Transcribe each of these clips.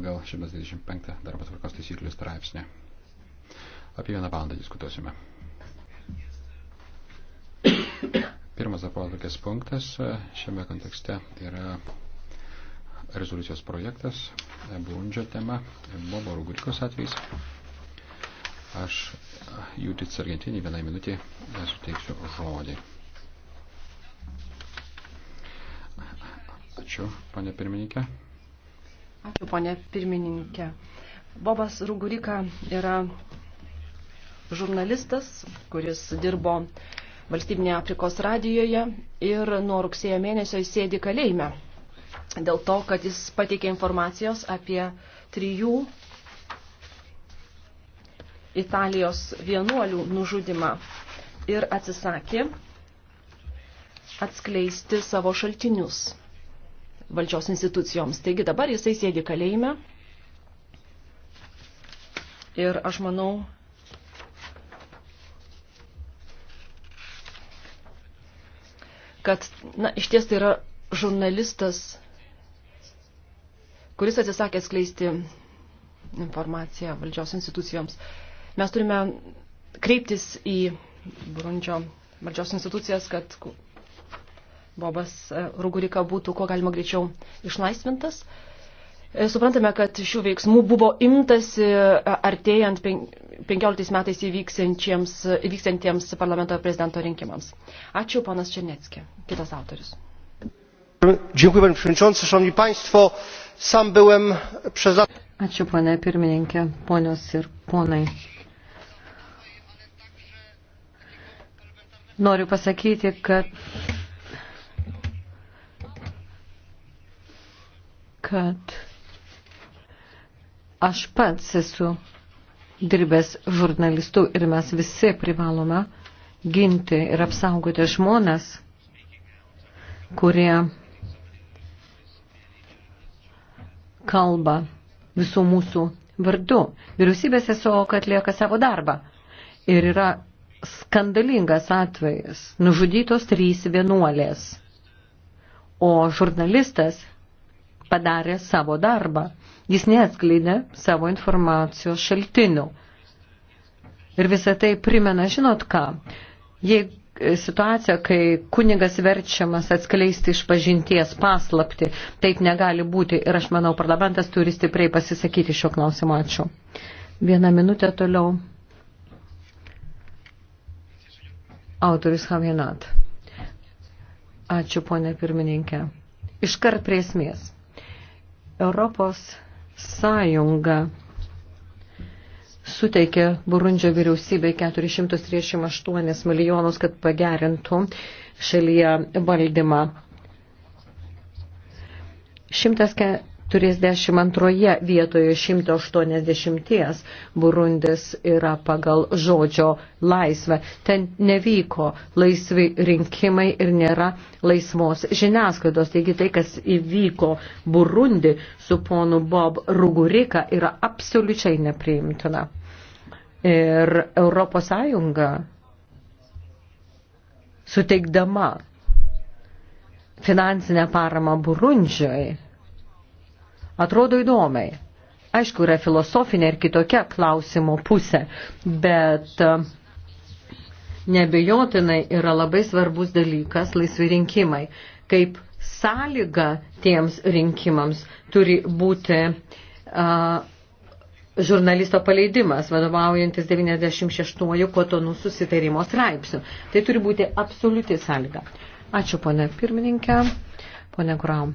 pagal 125 darbo tvarkos taisyklių straipsnį. Apie vieną valandą diskutuosime. Pirmas darbotvarkės punktas šiame kontekste tai yra rezoliucijos projektas Burundžio tema, Bobo Rugurikos atvejs. Aš Judith Argentinį vienai minutį suteiksiu žodį. Ačiū, panė pirmininkė. Ačiū, ponė pirmininkė. Bobas Rugurika yra žurnalistas, kuris dirbo valstybinėje Afrikos radijoje ir nuo rugsėjo mėnesio jis sėdi kalėjime. Dėl to, kad jis pateikė informacijos apie trijų Italijos vienuolių nužudimą ir atsisakė atskleisti savo šaltinius valdžios institucijoms. Taigi dabar jisai sėdi kalėjime ir aš manau, kad na, iš ties tai yra žurnalistas, kuris atsisakė skleisti informaciją valdžios institucijoms. Mes turime kreiptis į Brundžio valdžios institucijas, kad Bobas e, Rugurika būtų kuo galima greičiau išlaisvintas. E, suprantame, kad šių veiksmų buvo imtasi e, artėjant 15 metais įvyksiantiems parlamento prezidento rinkimams. Ačiū, panas Černecki, kitas autorius. Dziękuję, panie przewodniczący, szanowni państwo. Sam byłem przez... Ačiū, ponė pirmininkė, ponios ir ponai. Noriu pasakyti, kad kad aš pats esu dirbęs žurnalistų ir mes visi privalome ginti ir apsaugoti žmonės, kurie kalba visų mūsų vardu. Vyriausybės tiesiog atlieka savo darbą. Ir yra skandalingas atvejas. Nužudytos trys vienuolės. O žurnalistas padarė savo darbą. Jis neatskleidė savo informacijos šaltinių. Ir visą tai primena, žinot ką, jei e, situacija, kai kunigas verčiamas atskleisti iš pažinties paslapti, taip negali būti ir aš manau, parlamentas turi stipriai pasisakyti šio klausimo. Ačiū. Vieną minutę toliau. Autoris Havienat. Ačiū, ponė pirmininkė. Iškart prie esmės. Europos Sąjunga suteikė Burundžio vyriausybei 438 milijonus, kad pagerintų šalyje valdymą. 100 32 vietoje 180 Burundis yra pagal žodžio laisvę. Ten nevyko laisvi rinkimai ir nėra laisvos žiniasklaidos. Taigi tai, kas įvyko Burundi su ponu Bob Rugurika, yra absoliučiai nepriimtina. Ir Europos Sąjunga suteikdama finansinę paramą Burundžiai atrodo įdomiai. Aišku, yra filosofinė ir kitokia klausimo pusė, bet e, nebejotinai yra labai svarbus dalykas laisvi rinkimai, kaip sąlyga tiems rinkimams turi būti uh, žurnalisto paleidimas, vadovaujantis 96-ojų kotonų susitarimo straipsnių. Tai turi būti absoliuti sąlyga. Ačiū, ponė pirmininkė, ponė Grau.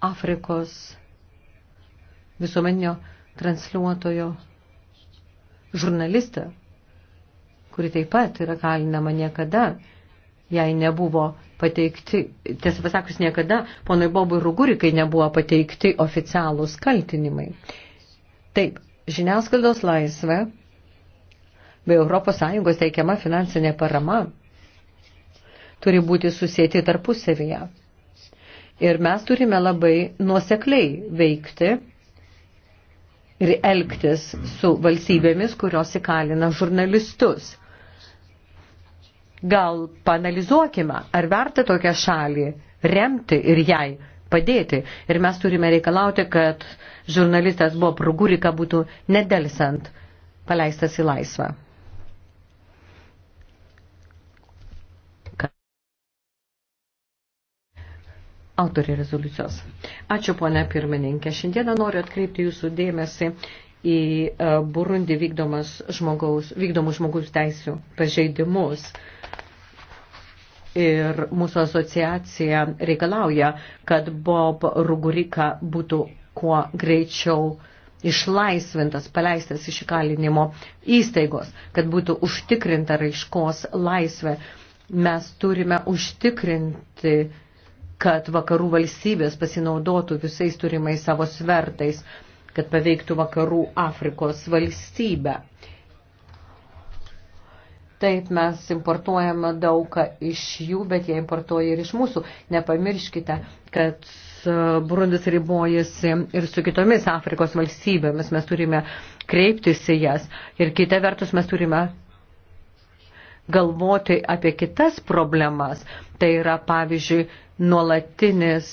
Afrikos visuomeninio transliuotojo žurnalistą, kuri taip pat yra kalinama niekada, jai nebuvo pateikti, tiesą pasakus niekada, ponui Bobui Rugurikai nebuvo pateikti oficialūs kaltinimai. Taip, žiniasklaidos laisvė bei ES teikiama finansinė parama turi būti susėti tarpusavyje. Ir mes turime labai nuosekliai veikti ir elgtis su valstybėmis, kurios įkalina žurnalistus. Gal panalizuokime, ar verta tokią šalį remti ir jai padėti. Ir mes turime reikalauti, kad žurnalistas buvo progurika būtų nedelsant paleistas į laisvą. autorė rezoliucijos. Ačiū, ponia pirmininkė. Šiandieną noriu atkreipti jūsų dėmesį į e, Burundi žmogaus, vykdomus žmogaus teisų pažeidimus. Ir mūsų asociacija reikalauja, kad Bob Rugurika būtų kuo greičiau išlaisvintas, paleistas iš įkalinimo įstaigos, kad būtų užtikrinta raiškos laisvė. Mes turime užtikrinti kad vakarų valstybės pasinaudotų visais turimais savo svertais, kad paveiktų vakarų Afrikos valstybę. Taip, mes importuojame daugą iš jų, bet jie importuoja ir iš mūsų. Nepamirškite, kad Burundis ribojasi ir su kitomis Afrikos valstybėmis. Mes turime kreiptis į jas. Ir kita vertus, mes turime galvoti apie kitas problemas. Tai yra, pavyzdžiui, nuolatinis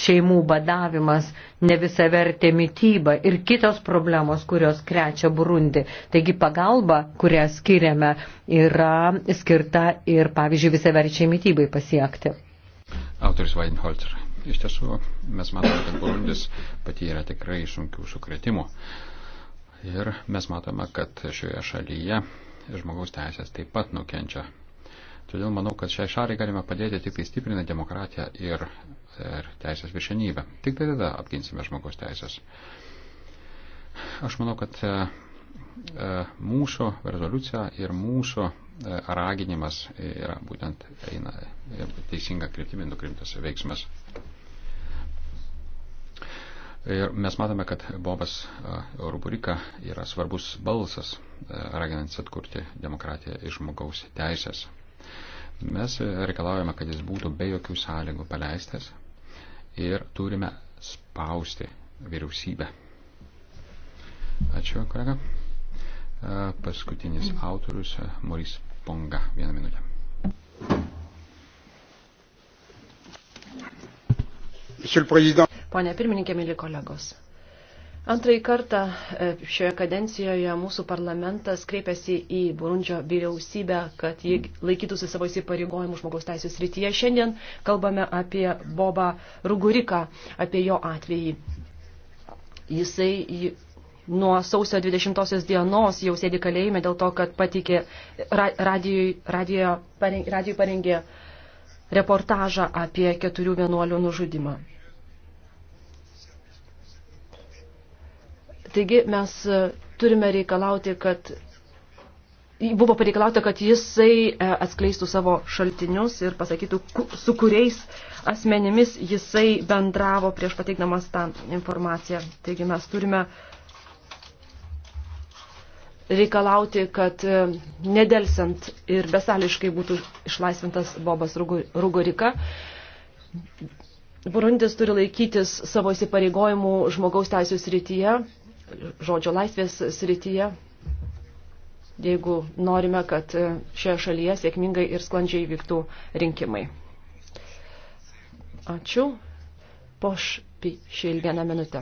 šeimų badavimas, ne visa vertė mytyba ir kitos problemos, kurios krečia Burundi. Taigi pagalba, kurią skiriame, yra skirta ir, pavyzdžiui, visa verčiai mytybai pasiekti. Autoris Weinholzer. Iš tiesų, mes matome, kad Burundis patyrė tikrai sunkių sukretimų. Ir mes matome, kad šioje šalyje žmogaus teisės taip pat nukenčia Todėl manau, kad šiai šaliai galime padėti tik tai stiprinant demokratiją ir, ir teisės viršenybę. Tik tai tada apginsime žmogaus teisės. Aš manau, kad e, e, mūsų rezoliucija ir mūsų e, raginimas yra būtent eina teisinga kryptimi nukrimtas veiksmas. Ir mes matome, kad Bobas Ruburika yra svarbus balsas, raginantis atkurti demokratiją ir žmogaus teisės. Mes reikalaujame, kad jis būtų be jokių sąlygų paleistas ir turime spausti vyriausybę. Ačiū, kolega. Paskutinis autorius Moris Ponga. Vieną minutę. Pone pirmininkė, mėly kolegos. Antrąjį kartą e, šioje kadencijoje mūsų parlamentas kreipėsi į Burundžio vyriausybę, kad ji laikytųsi savo įsipareigojimų žmogaus teisės rytyje. Šiandien kalbame apie Bobą Ruguriką, apie jo atvejį. Jisai nuo sausio 20 dienos jau sėdi kalėjime dėl to, kad patikė radijui, radijo, radijui parengė reportažą apie keturių vienuolių nužudimą. Taigi mes e, turime reikalauti, kad buvo pareikalauta, kad jisai e, atskleistų savo šaltinius ir pasakytų, su kuriais asmenimis jisai bendravo prieš pateikdamas tą informaciją. Taigi mes turime reikalauti, kad e, nedelsiant ir besališkai būtų išlaisvintas Bobas Rugorika. Burundis turi laikytis savo įsipareigojimų žmogaus teisės rytyje žodžio laisvės srityje, jeigu norime, kad šioje šalyje sėkmingai ir sklandžiai vyktų rinkimai. Ačiū. Poš Pišil vieną minutę.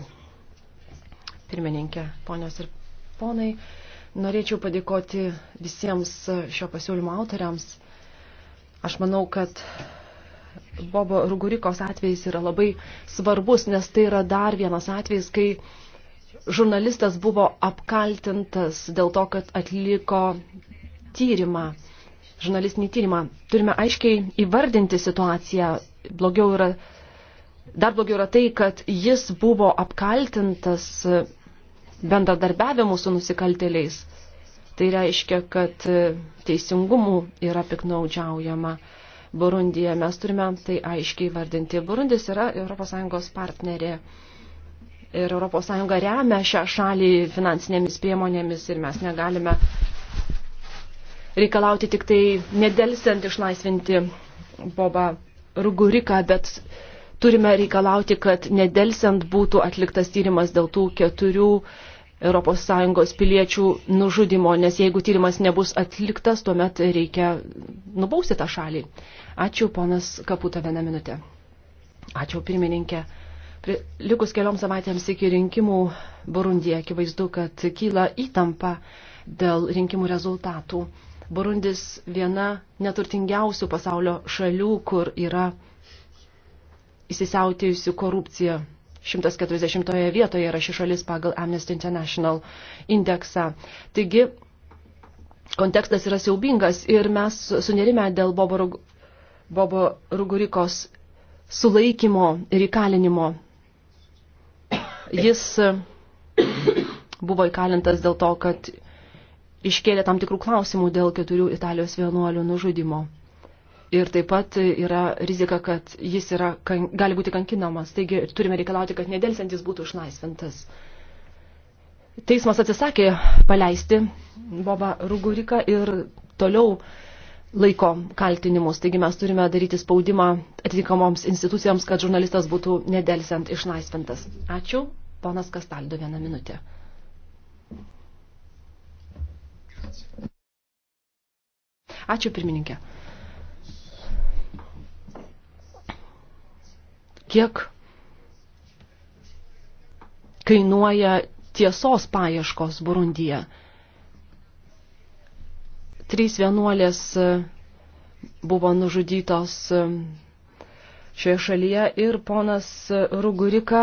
Pirmininkė, ponios ir ponai, norėčiau padėkoti visiems šio pasiūlymo autoriams. Aš manau, kad Bobo Rugurikos atvejis yra labai svarbus, nes tai yra dar vienas atvejis, kai žurnalistas buvo apkaltintas dėl to, kad atliko tyrimą, žurnalistinį tyrimą. Turime aiškiai įvardinti situaciją. Blogiau yra, dar blogiau yra tai, kad jis buvo apkaltintas bendradarbiavimu su nusikaltėliais. Tai reiškia, kad teisingumu yra piknaudžiaujama. Burundija mes turime tai aiškiai vardinti. Burundis yra ES partnerė ir ES remia šią šalį finansinėmis priemonėmis ir mes negalime reikalauti tik tai nedelsiant išlaisvinti Boba Ruguriką, bet turime reikalauti, kad nedelsiant būtų atliktas tyrimas dėl tų keturių ES piliečių nužudimo, nes jeigu tyrimas nebus atliktas, tuomet reikia nubausti tą šalį. Ačiū, ponas Kaputa, vieną minutę. Ačiū, pirmininkė. Likus kelioms savaitėms iki rinkimų Burundija akivaizdu, kad kyla įtampa dėl rinkimų rezultatų. Burundis viena neturtingiausių pasaulio šalių, kur yra įsisiautėjusi korupcija. 140 vietoje yra ši šalis pagal Amnesty International indeksą. Taigi, kontekstas yra siaubingas ir mes sunerime dėl Bobo, Rug... Bobo Rugurikos sulaikymo ir įkalinimo Jis e, buvo įkalintas dėl to, kad iškėlė tam tikrų klausimų dėl keturių Italijos vienuolių nužudimo. Ir taip pat yra rizika, kad jis yra, kan, gali būti kankinamas. Taigi turime reikalauti, kad nedelsiantis būtų išlaisvintas. Teismas atsisakė paleisti Bobą Ruguriką ir toliau laiko kaltinimus. Taigi mes turime daryti spaudimą atitikamoms institucijoms, kad žurnalistas būtų nedelsiant išlaisvintas. Ačiū. Ponas Kastaldo, vieną minutę. Ačiū pirmininkė. Kiek kainuoja tiesos paieškos Burundyje? Trys vienuolės e, buvo nužudytos e, šioje šalyje ir ponas e, Rugurika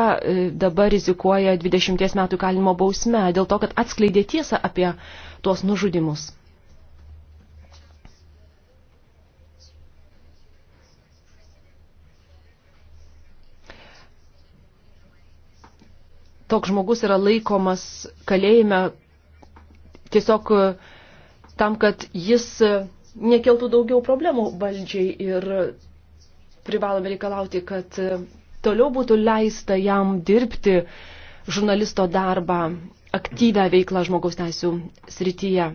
dabar rizikuoja 20 metų kalinimo bausme dėl to, kad atskleidė tiesą apie tuos nužudimus. Toks žmogus yra laikomas kalėjime tiesiog tam, kad jis e, nekeltų daugiau problemų valdžiai ir privalome reikalauti, kad e, toliau būtų leista jam dirbti žurnalisto darbą, aktyvę veiklą žmogaus teisų srityje.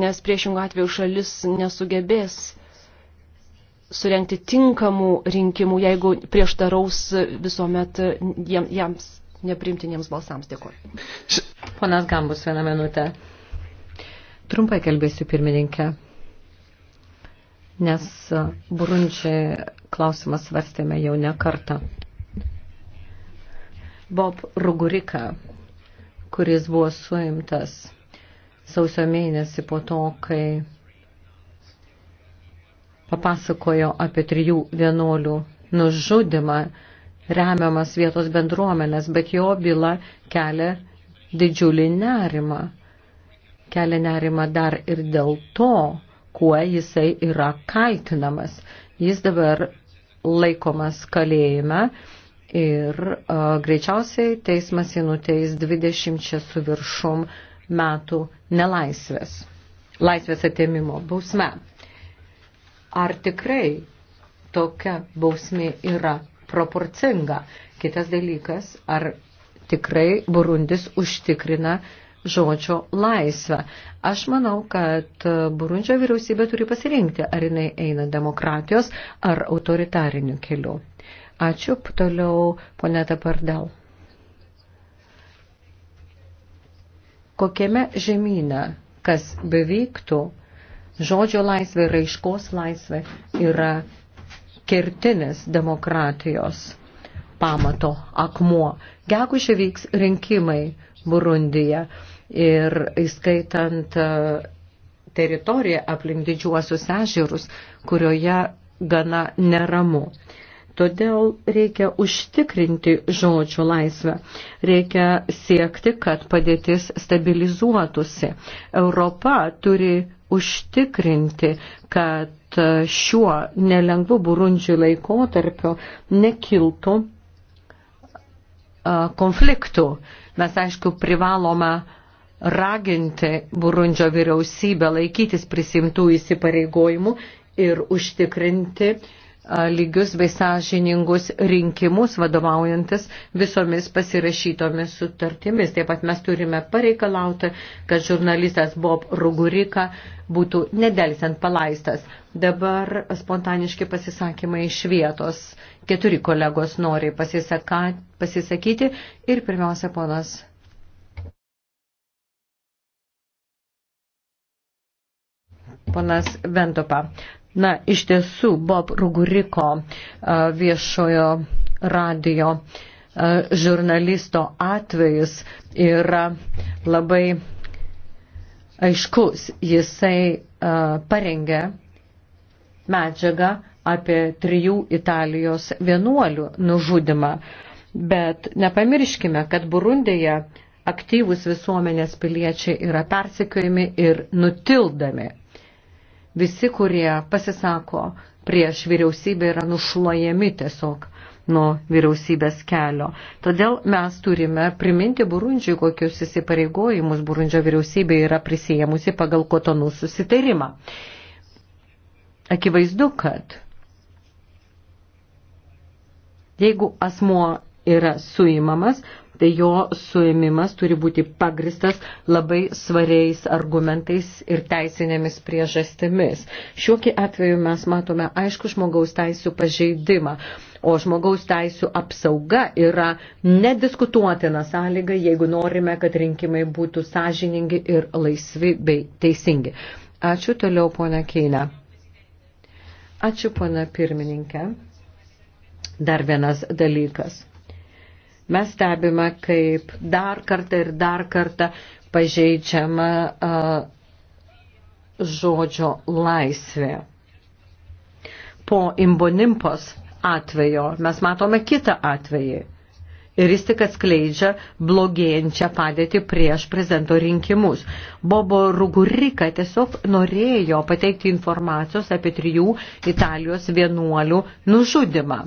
Nes priešingų atveju šalis nesugebės surenkti tinkamų rinkimų, jeigu prieštaraus visuomet jiems neprimtiniems balsams. Dėkuoju. Ponas Gambus, vieną minutę. Trumpai kalbėsiu pirmininkę, nes Burundžiai klausimą svarstėme jau ne kartą. Bob Rugurika, kuris buvo suimtas sausio mėnesį po to, kai papasakojo apie trijų vienuolių nužudimą, remiamas vietos bendruomenės, bet jo byla kelia didžiulį nerimą. Kelia nerimą dar ir dėl to, kuo jisai yra kaltinamas. Jis dabar laikomas kalėjime ir a, greičiausiai teismas jį nuteis 20 su viršum metų nelaisvės, laisvės atėmimo bausme. Ar tikrai tokia bausmė yra proporcinga. Kitas dalykas, ar tikrai Burundis užtikrina žodžio laisvę. Aš manau, kad Burundžio vyriausybė turi pasirinkti, ar jinai eina demokratijos ar autoritariniu keliu. Ačiū, toliau poneta Pardal. Kokiame žemyne, kas bevyktų, žodžio laisvė, raiškos laisvė yra kertinis demokratijos pamato akmuo. Gegužė vyks rinkimai Burundija ir įskaitant e, teritoriją aplink didžiuosius ežerus, kurioje gana neramu. Todėl reikia užtikrinti žodžių laisvę. Reikia siekti, kad padėtis stabilizuotųsi. Europa turi užtikrinti, kad kad šiuo nelengvu burundžių laikotarpiu nekiltų konfliktų. Mes, aišku, privalome raginti Burundžio vyriausybę laikytis prisimtų įsipareigojimų ir užtikrinti uh, lygius bei sąžiningus rinkimus vadovaujantis visomis pasirašytomis sutartimis. Taip pat mes turime pareikalauti, kad žurnalistas Bob Rugurika būtų nedelsiant palaistas. Dabar spontaniški pasisakymai iš vietos. Keturi kolegos nori pasisaka, pasisakyti ir pirmiausia ponas. Ponas Ventopa. Na, iš tiesų, Bob Ruguriko viešojo radio žurnalisto atvejis yra labai aiškus. Jisai parengė medžiagą apie trijų Italijos vienuolių nužudimą. Bet nepamirškime, kad Burundėje aktyvus visuomenės piliečiai yra persekiojami ir nutildami Visi, kurie pasisako prieš vyriausybę, yra nušluojami tiesiog nuo vyriausybės kelio. Todėl mes turime priminti Burundžiui, kokius įsipareigojimus Burundžio vyriausybė yra prisijėmusi pagal kotonų susitarimą. Akivaizdu, kad jeigu asmuo yra suimamas, tai jo suėmimas turi būti pagristas labai svariais argumentais ir teisinėmis priežastimis. Šiuokį atveju mes matome aišku žmogaus teisų pažeidimą, o žmogaus teisų apsauga yra nediskutuotina sąlyga, jeigu norime, kad rinkimai būtų sąžiningi ir laisvi bei teisingi. Ačiū toliau, ponia Keina. Ačiū, ponia pirmininkė. Dar vienas dalykas Mes stebime, kaip dar kartą ir dar kartą pažeidžiama uh, žodžio laisvė. Po imbonimpos atvejo mes matome kitą atvejį. Ir jis tik atskleidžia blogėjančią padėtį prieš prezidento rinkimus. Bobo Rugurika tiesiog norėjo pateikti informacijos apie trijų Italijos vienuolių nužudimą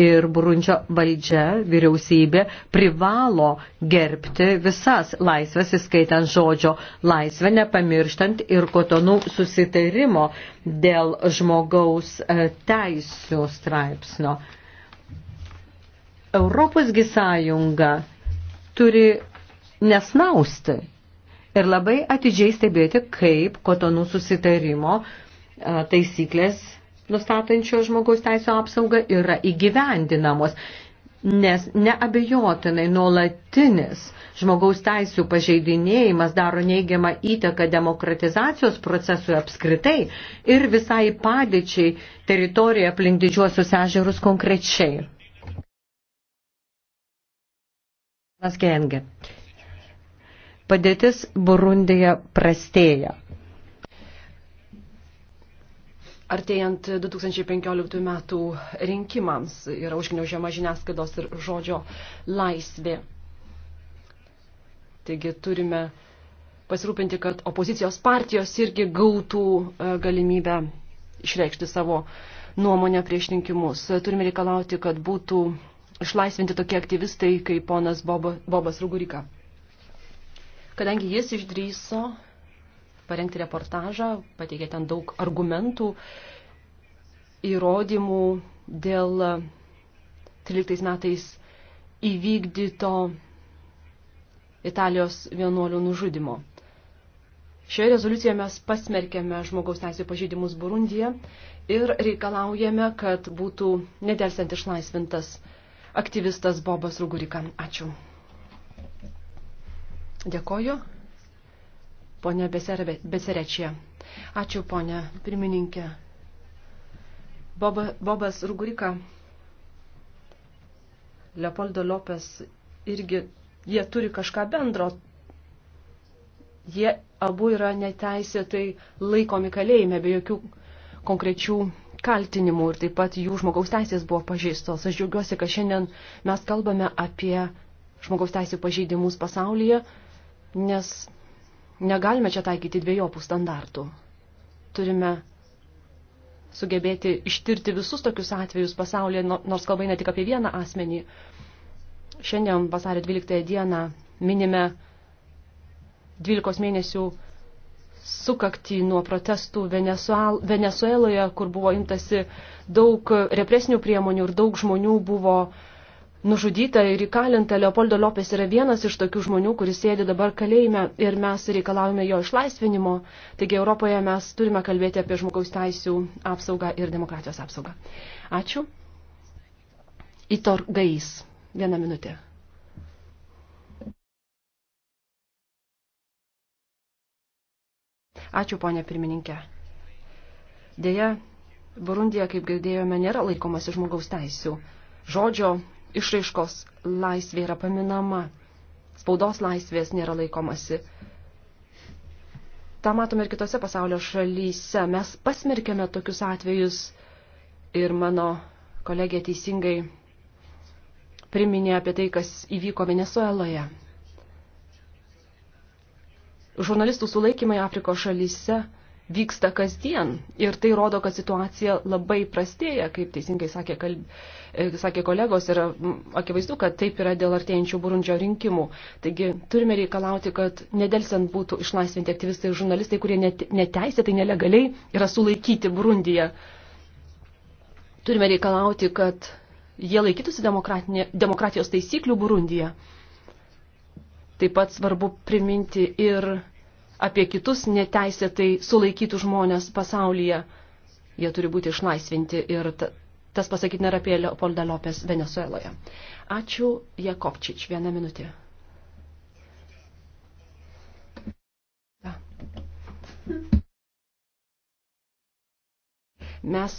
ir Burundžio valdžia, vyriausybė privalo gerbti visas laisvės, įskaitant žodžio laisvę, nepamirštant ir kotonų susitarimo dėl žmogaus e, teisų straipsnio. Europosgi sąjunga turi nesnausti ir labai atidžiai stebėti, kaip kotonų susitarimo e, taisyklės nustatančio žmogaus teisų apsaugą yra įgyvendinamos. Nes neabejotinai nuolatinis žmogaus teisų pažeidinėjimas daro neigiamą įtaką demokratizacijos procesui apskritai ir visai padėčiai teritorijoje aplink didžiuosius ežerus konkrečiai. Padėtis Burundija prastėja. artėjant 2015 metų rinkimams yra užgniaužiama žiniasklaidos ir žodžio laisvė. Taigi turime pasirūpinti, kad opozicijos partijos irgi gautų e, galimybę išreikšti savo nuomonę prieš rinkimus. Turime reikalauti, kad būtų išlaisvinti tokie aktyvistai kaip ponas Boba, Bobas Rugurika. Kadangi jis išdryso parengti reportažą, pateikė ten daug argumentų, įrodymų dėl 13 metais įvykdyto Italijos vienuolių nužudimo. Šioje rezoliucijoje mes pasmerkėme žmogaus teisų pažeidimus Burundyje ir reikalaujame, kad būtų nedelsiant išlaisvintas aktyvistas Bobas Rugurika. Ačiū. Dėkoju. Pone Beserečia. Ačiū, ponė pirmininkė. Boba, Bobas Rugurika, Leopoldo Lopes irgi, jie turi kažką bendro. Jie abu yra neteisėtai laikomi kalėjime be jokių konkrečių kaltinimų ir taip pat jų žmogaus teisės buvo pažeistos. Aš džiaugiuosi, kad šiandien mes kalbame apie žmogaus teisės pažeidimus pasaulyje, nes Negalime čia taikyti dviejopų standartų. Turime sugebėti ištirti visus tokius atvejus pasaulyje, nors kalba ne tik apie vieną asmenį. Šiandien vasario 12 dieną minime 12 mėnesių sukaktį nuo protestų Venezueloje, kur buvo imtasi daug represinių priemonių ir daug žmonių buvo uh, nužudyta ir įkalinta. Leopoldo Lopes yra vienas iš tokių žmonių, kuris sėdi dabar kalėjime ir mes reikalavome jo išlaisvinimo. Taigi Europoje mes turime kalbėti apie žmogaus teisų apsaugą ir demokratijos apsaugą. Ačiū. Itor Gais. Vieną minutę. Ačiū, ponė pirmininkė. Deja, Burundija, kaip girdėjome, nėra laikomasi žmogaus teisių. Žodžio išraiškos laisvė yra paminama, spaudos laisvės nėra laikomasi. Ta matome ir kitose pasaulio šalyse. Mes pasmerkėme tokius atvejus ir mano kolegė teisingai priminė apie tai, kas įvyko Venezueloje. Žurnalistų sulaikymai Afrikos šalyse vyksta kasdien. Ir tai rodo, kad situacija labai prastėja, kaip teisingai sakė, kalb... E, sakė kolegos, ir akivaizdu, kad taip yra dėl artėjančių Burundžio rinkimų. Taigi turime reikalauti, kad nedelsiant būtų išlaisvinti aktyvistai ir žurnalistai, kurie neteisėtai, nelegaliai yra sulaikyti Burundyje. Turime reikalauti, kad jie laikytųsi demokratijos taisyklių Burundyje. Taip pat svarbu priminti ir apie kitus neteisėtai sulaikytus žmonės pasaulyje. Jie turi būti išlaisvinti ir tas pasakyti nėra apie Leopoldą Lopes Venezueloje. Ačiū Jakovčič. Vieną minutę. Mes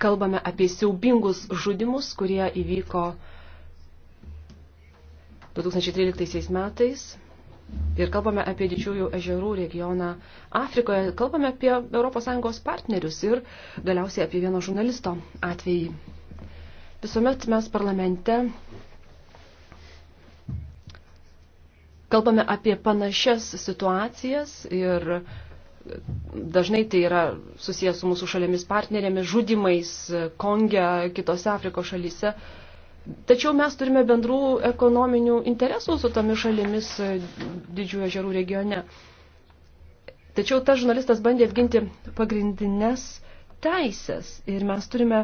kalbame apie siaubingus žudimus, kurie įvyko 2013 metais ir kalbame apie didžiųjų ežerų regioną Afrikoje, kalbame apie ES partnerius ir galiausiai apie vieno žurnalisto atvejį. Visuomet mes parlamente kalbame apie panašias situacijas ir dažnai tai yra susijęs su mūsų šalėmis partnerėmis, žudimais Konge, kitose Afrikos šalyse. Tačiau mes turime bendrų ekonominių interesų su tomis šalimis e, didžiųjų ežerų regione. Tačiau tas žurnalistas bandė apginti pagrindinės teisės ir mes turime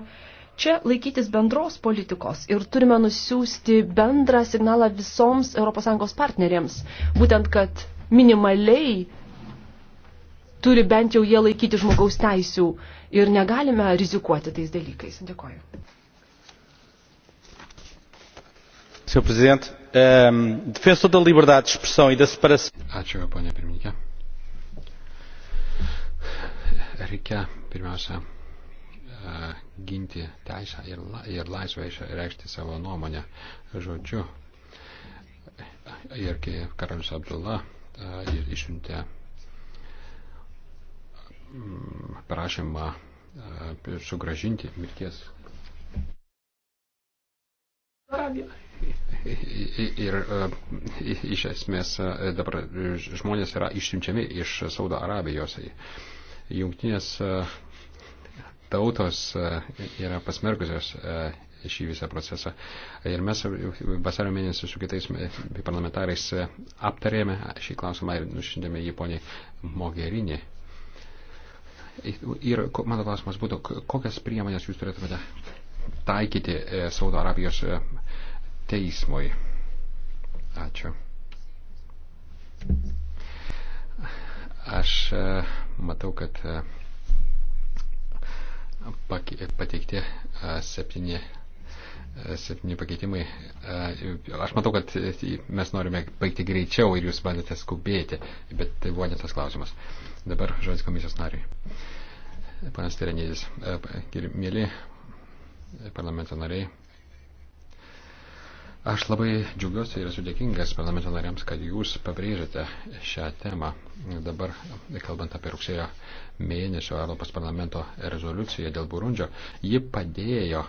čia laikytis bendros politikos ir turime nusiųsti bendrą signalą visoms ES partnerėms, būtent kad minimaliai turi bent jau jie laikyti žmogaus teisių ir negalime rizikuoti tais dalykais. Dėkoju. Sr. Presidente, um, defensor da liberdade de expressão e da separação. Ačiū, ponė pirmininkė. Reikia pirmiausia e, ginti teisę ir, la, ir laisvę išreikšti savo nuomonę žodžiu. Ir kai karalius Abdula e, išsiuntė mm, prašymą e, sugražinti mirties. Arabija. Ir e, iš esmės e, dabar žmonės yra išsiunčiami iš Saudo Arabijos. Jungtinės e, tautos yra pasmergusios šį visą procesą. Ir mes vasario mėnesį su kitais parlamentarais aptarėme šį klausimą ir nušindėme jį poniai Mogerinį. Ir mano klausimas būtų, kokias priemonės jūs turėtumėte taikyti Saudo Arabijos teismui. Ačiū. Aš e, matau, kad e, pateikti e, septyni, septyni pakeitimai. Aš matau, kad mes norime baigti greičiau ir jūs bandėte skubėti, bet tai buvo netas klausimas. Dabar žodis komisijos nariui. Panas Terenėdis, mėly parlamento nariai, Aš labai džiaugiuosi ir esu dėkingas parlamento nariams, kad jūs pabrėžėte šią temą. Dabar, kalbant apie rugsėjo mėnesio Europos parlamento rezoliuciją dėl Burundžio, ji padėjo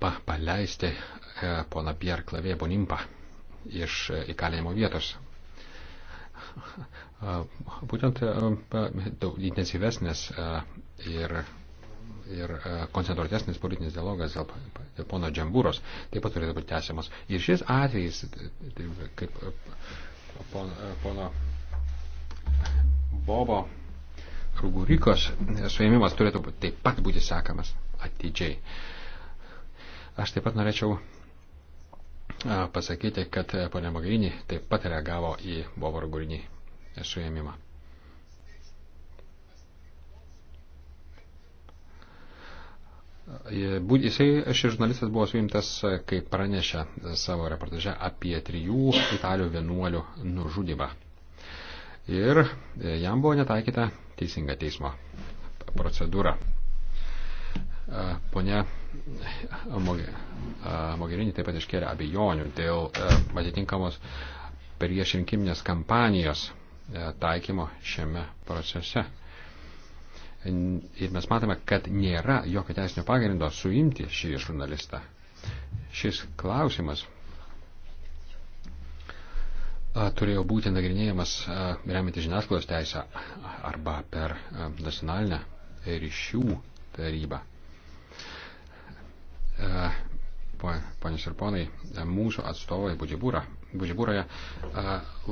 pa paleisti pona Pierre Klavė Bonimpa iš įkalinimo vietos. Būtent intensyvesnės ir ir e, koncentruotesnis politinis dialogas dėl pono Džembūros taip pat turėtų būti tęsiamas. Ir šis atvejis, kaip e, pono, e, pono Bobo Rugurikos suėmimas turėtų taip pat būti sekamas atidžiai. Aš taip pat norėčiau pasakyti, kad ponė Magarinį taip pat reagavo į Bobo Rugurinį suėmimą. Jisai, šis žurnalistas buvo suimtas, e, kai pranešė e, savo reportaže apie trijų italių vienuolių nužudymą. Ir e, jam buvo netaikyta teisinga teismo procedūra. Pone Mogherini taip pat iškėlė abejonių dėl atitinkamos priešrinkiminės kampanijos taikymo šiame procese. Ir mes matome, kad nėra jokio teisinio pagrindo suimti šį žurnalistą. Šis klausimas turėjo būti nagrinėjamas remiantis žiniasklaidos teisę arba per nacionalinę ryšių tarybą. Ponios ir ponai, mūsų atstovai Budžibūroje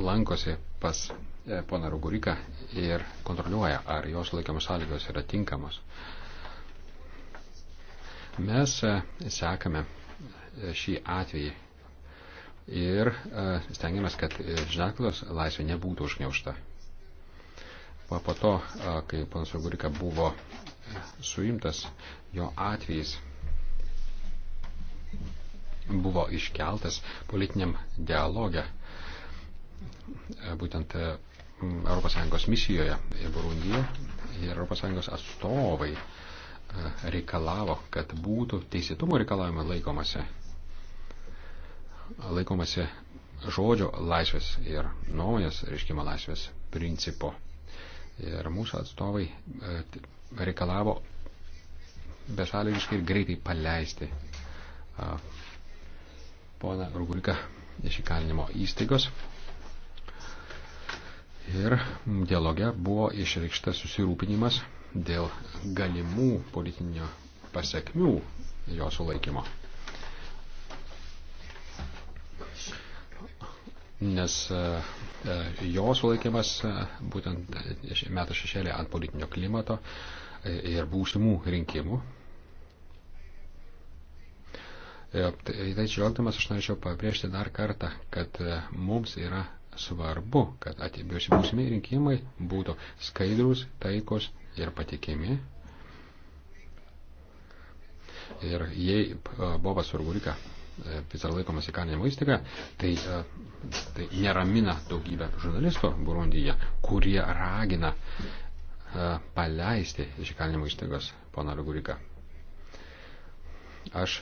lankosi pas E, poną Ruguriką ir kontroliuoja, ar jos laikiamos sąlygos yra tinkamos. Mes e, sekame e, šį atvejį ir stengiamės, kad žiniasklaidos laisvė nebūtų užgniaušta. Po, po to, kai ponas Rugurika buvo suimtas, jo atvejis buvo iškeltas politiniam dialogę būtent Mm, ES misijoje Burundyje ir ES atstovai e, reikalavo, kad būtų teisėtumo reikalavimo laikomasi, laikomasi žodžio laisvės ir nuomonės reiškimo laisvės principo. Ir mūsų atstovai e, reikalavo besąlygiškai ir greitai paleisti e, poną Ruguliką iš įkalinimo įstaigos Ir dialoge buvo išreikštas susirūpinimas dėl galimų politinio pasiekmių jo sulaikymo. Nes e, jo sulaikimas e, būtent e, meta šešėlį ant politinio klimato ir būsimų rinkimų. Tai, tai žvelgdamas aš norėčiau pabrėžti dar kartą, kad mums yra svarbu, kad būsimi rinkimai būtų skaidrus, taikos ir patikimi. Ir jei e, Bobas Urgurika e, vis dar laikomas įkalinimo įstaiga, tai, e, tai neramina daugybę žurnalistų Burundyje, kurie ragina paleisti iš įkalinimo įstaigos poną Urguriką. Aš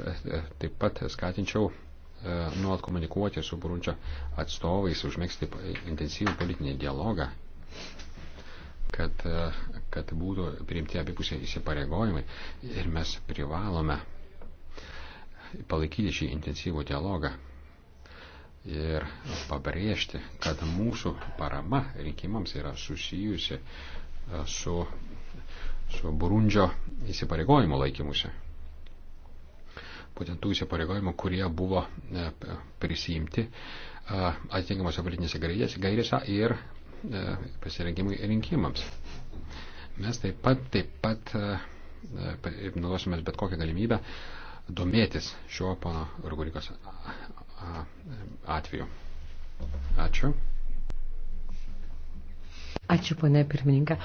taip pat skatinčiau E, nuolat komunikuoti su Burundžio atstovais, užmėgsti intensyvų politinį dialogą, kad, e, kad būtų priimti abipusiai įsipareigojimai ir mes privalome palaikyti šį intensyvų dialogą ir pabrėžti, kad mūsų parama rinkimams yra susijusi e, su, su Burundžio įsipareigojimo laikymusi būtent tų įsipareigojimų, kurie buvo e, prisijimti e, atitinkamuose politinėse gairėse ir e, pasirengimui rinkimams. Mes taip pat, taip pat naudosimės bet kokią galimybę domėtis šiuo pono Rugurikos atveju. Ačiū. Ačiū, ponė pirmininkė.